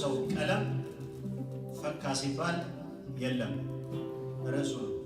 ሰው ቀለም ፈካ ሲባል የለም ርዕሱ ነው።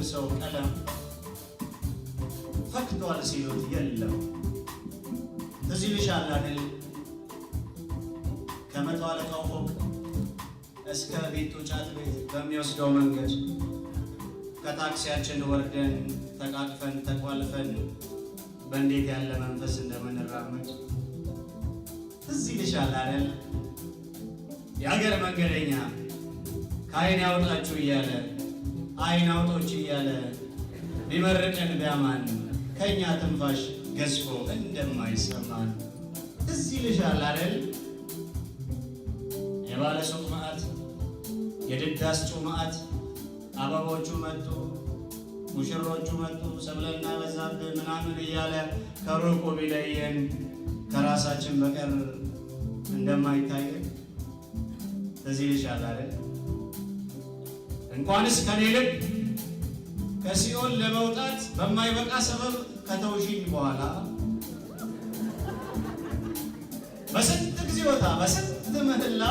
የሚያድሰው ቀለም ፈክቷል ሲሉት የለም። እዚህ ልጅ አላድል ከመቶ አለቃው ፎቅ እስከ ቤቱ ጫት ቤት በሚወስደው መንገድ ከታክሲያችን ወርደን ተቃቅፈን ተቋልፈን በእንዴት ያለ መንፈስ እንደምንራመድ እዚህ ልጅ አላድል የሀገር መንገደኛ ከአይን ያወጣችሁ እያለ አይን አውጦች እያለ ቢመርቅን ቢያማን ከእኛ ትንፋሽ ገዝፎ እንደማይሰማን እዚህ ልሻል አደል የባለሱቅ መዓት የድዳስጩ መዓት አበቦቹ መጡ ሙሽሮቹ መጡ ሰብለና በዛብ ምናምን እያለ ከሩቁ ቢለየን ከራሳችን በቀር እንደማይታየን እዚህ ልሻል አደል እንኳንስ ከኔ ልብ ከሲኦል ለመውጣት በማይበቃ ሰበብ ከተውሽኝ በኋላ በስንት ጊዜወታ በስንት ምህላ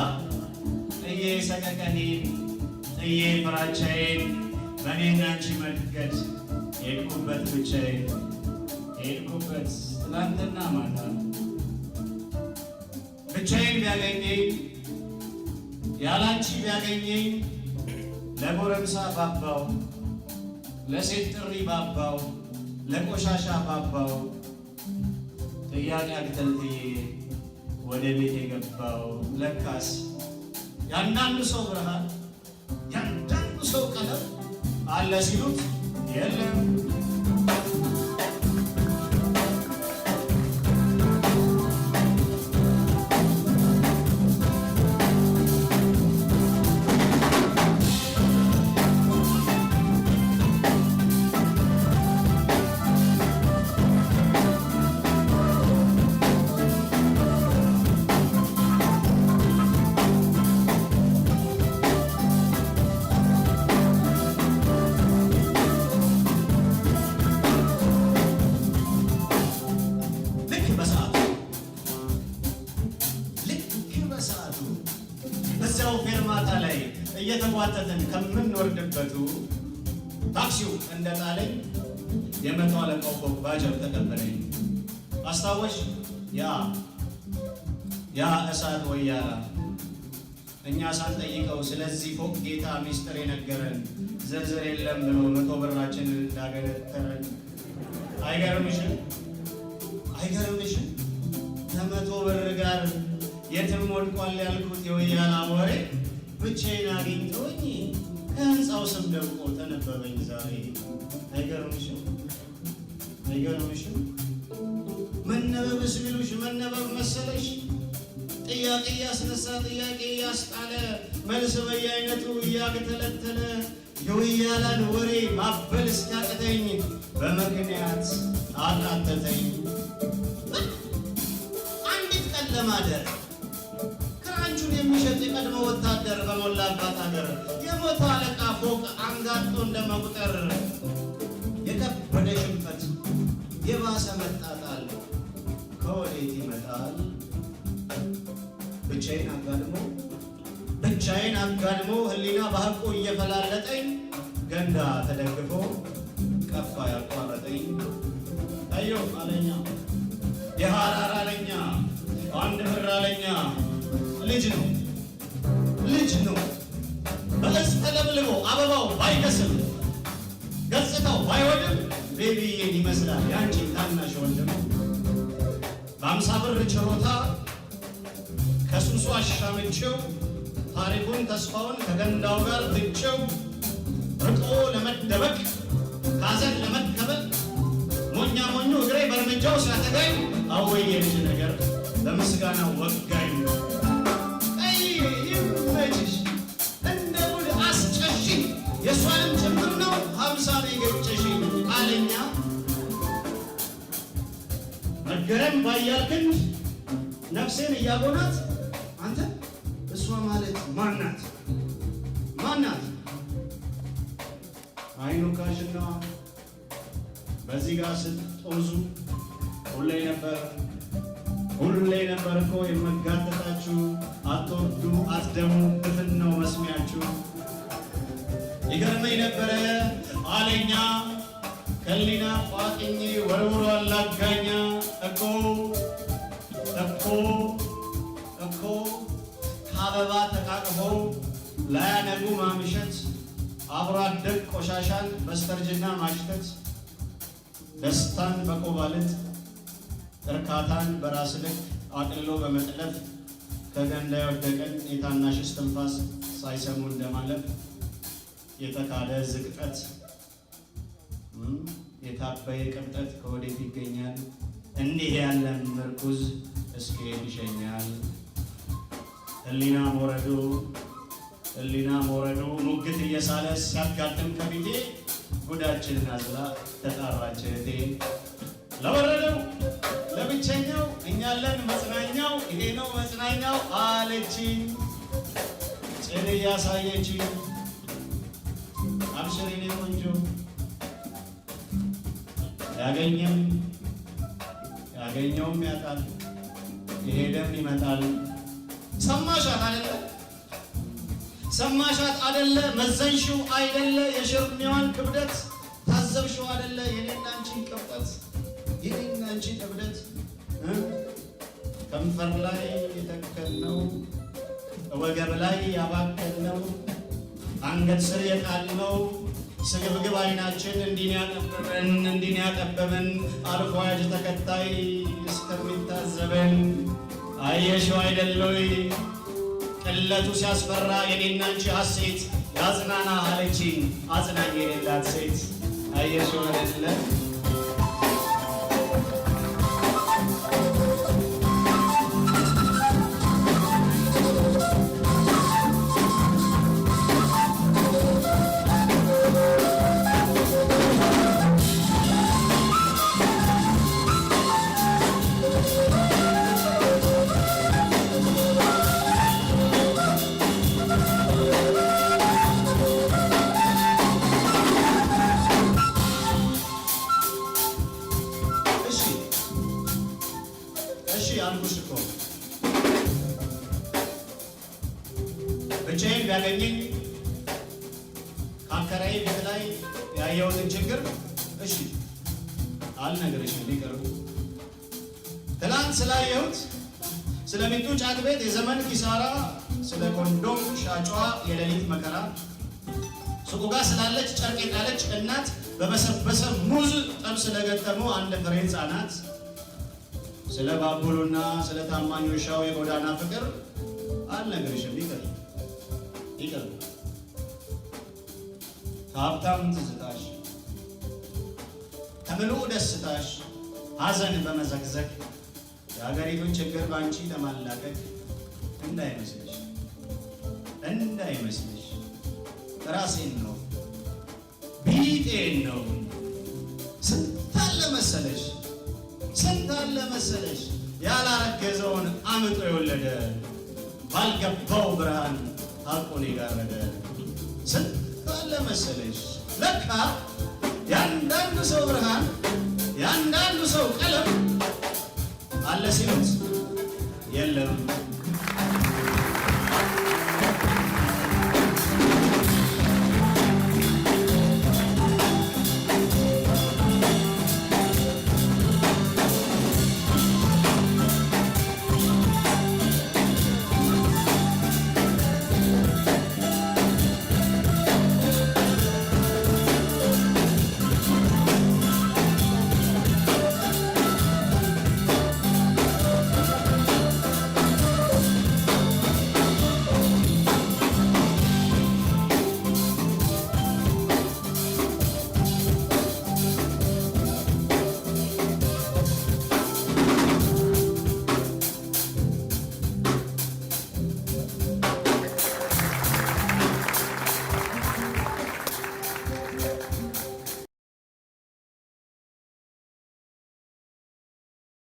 ጥዬ ሰቀቀኔን ጥዬ ፍራቻዬን በእኔና አንቺ መንገድ የሄድኩበት ብቻዬን የሄድኩበት ትላንትና ማታ ብቻዬን ቢያገኘኝ ያላንቺ ቢያገኘኝ ለጎረምሳ ባባው፣ ለሴት ጥሪ ባባው፣ ለቆሻሻ ባባው ጥያቄ አግተልትዬ ወደ ቤት የገባው ለካስ ያንዳንዱ ሰው ብርሃን ያንዳንዱ ሰው ቀለም አለ ሲሉት የለም እዚያው ፌርማታ ላይ እየተጓተትን ከምንወርድበቱ ታክሲው እንደጣለኝ ጣለኝ የመቶ አለቃው ባጃው ተቀበለኝ። አስታወሽ ያ ያ እሳት ወያላ እኛ ሳንጠይቀው ስለዚህ ፎቅ ጌታ ሚስጥር የነገረን ዝርዝር የለም ብሎ መቶ ብራችንን እንዳገለተረን አይገርምሽም? አይገርምሽም? ከመቶ ብር ጋር የትም ወድቋል ያልኩት የወያላ ወሬ ብቻዬን አግኝቶኝ ከህንፃው ስም ደብቆ ተነበበኝ ዛሬ። አይገርምሽም? አይገርምሽም? መነበብስ ቢሉሽ መነበብ መሰለሽ? ጥያቄ እያስነሳ ጥያቄ እያስጣለ መልስ በየአይነቱ እያተለተለ የወያላን ወሬ ማበል እስካቅተኝ በምክንያት አቃተተኝ። አንዲት ቀን ለማደር የሚሸጥ የቀድሞ ወታደር በሞላባት ሀገር የሞተ አለቃ ፎቅ አንጋጦ እንደመቁጠር የከበደ ሽንፈት የባሰ መጣጣል ከወዴት ይመጣል? ብቻዬን አጋድሞ ብቻዬን አጋድሞ ህሊና በሀቁ እየፈላለጠኝ ገንዳ ተደግፎ ቀፋ ያቋረጠኝ አለኛ የሐራር አለኛ አንድ ብር አለኛ ልጅ ነው፣ ልጅ ነው። በእጽ ተለምልሞ አበባው ባይከስል ገጽታው ባይወድም ቤቢዬን ይመስላል የአንቺ ታናሽ ወንድም። በአምሳ ብር ችሮታ ከሱሱ አሻምቼው ታሪኩን ተስፋውን ከገንዳው ጋር ትቼው ርቆ ለመደበቅ ካዘን ለመከበል ሞኛ ሞኙ እግሬ በእርምጃው ሲያተጋኝ አወየ ልጅ ነገር በምስጋና ወጋኝ። በምሳሌ ገጭሽ አለኛ መገረም ባያልክንድ ነፍሴን እያጎናት አንተ እሷ ማለት ማናት ማናት አይኑ ካሽና በዚህ ጋር ስትጦዙ ሁሌ ነበር ሁሌ ነበር እኮ የመጋጠጣችሁ አትወዱ አትደሙ ድፍን ነው መስሚያችሁ ይገርመኝ ነበረ አለኛ ከሊና ቋጥኝ ወርውሮ አላጋኛ እኮ እኮ እኮ ከአበባ ተቃቅፈው ላያነጉ ማምሸት አብሮ አደግ ቆሻሻን በስተርጅና ማሽተት ደስታን በቆባለት እርካታን በራስ ልክ አቅልሎ በመጥለፍ ከገንዳ የወደቀን የታናሽ እስትንፋስ ሳይሰሙ እንደማለፍ የተካደ ዝቅጠት የታባይ ቅብጠት ከወዴት ይገኛል? እንዲህ ያለን ምርኩዝ እስከየት ይሸኛል? ህሊና ሞረዱ ህሊና ሞረዱ ሙግት እየሳለ ሲያጋጥም ከፊቴ ጉዳችንን አዝላ ተጣራች እህቴ። ለወረደው ለብቸኛው እኛለን መጽናኛው ይሄ ነው መጽናኛው አለችኝ ጭን እያሳየችኝ አብሽር ቆንጆ ያገኘም ያገኘውም ያጣል፣ የሄደም ይመጣል። ሰማሻት አይደለ ሰማሻት አደለ? መዘንሽው አይደለ? የሸርሚዋን ክብደት ታዘብሽው አደለ? የኔና አንቺን ክብደት የኔና አንቺን ክብደት ከንፈር ላይ የተከልነው ወገብ ላይ ያባከልነው አንገት ስር የጣልነው ስግብግብ አይናችን እንዲን ያጠበበን እንዲን ያጠበበን አልፎ ያጅ ተከታይ እስከሚታዘበን አየሽው አይደለይ ቅለቱ ሲያስፈራ የኔና ሀሴት ያጽናና አለችኝ አጽናኝ የሌላት ሴት አየሽው አልኩ ስኮ ብቻዬን ቢያገኘኝ ከአከራዬ ቤት ላይ ያየሁትን ችግር እሺ አልነግርሽም ሊቀርቡ ትናንት ስላየሁት ስለ ሚጡ ጫት ቤት የዘመን ኪሳራ፣ ስለ ኮንዶም ሻጯ የሌሊት መከራ፣ ሱቁ ጋር ስላለች ጨርቅ የጣለች እናት፣ በበሰበሰ ሙዝ ጠብ ስለገጠመው አንድ ፍሬ ሕፃናት ስለ ባቡሉና ስለ ታማኝ ውሻው የጎዳና ፍቅር አልነግርሽም። ይቅር ይቅር። ከሀብታም ትዝታሽ ከምሉ ደስታሽ ሀዘን በመዘግዘግ የሀገሪቱን ችግር ባንቺ ለማላቀቅ እንዳይመስልሽ እንዳይመስልሽ ራሴን ነው ቢጤን ነው ስንታለ መሰለሽ አለ መሰለሽ ያላረገዘውን አምጦ የወለደ ባልገባው ብርሃን አቁን የጋረደ ስንት አለ መሰለሽ ለካ ያንዳንዱ ሰው ብርሃን ያንዳንዱ ሰው ቀለም አለ ሲሉት የለም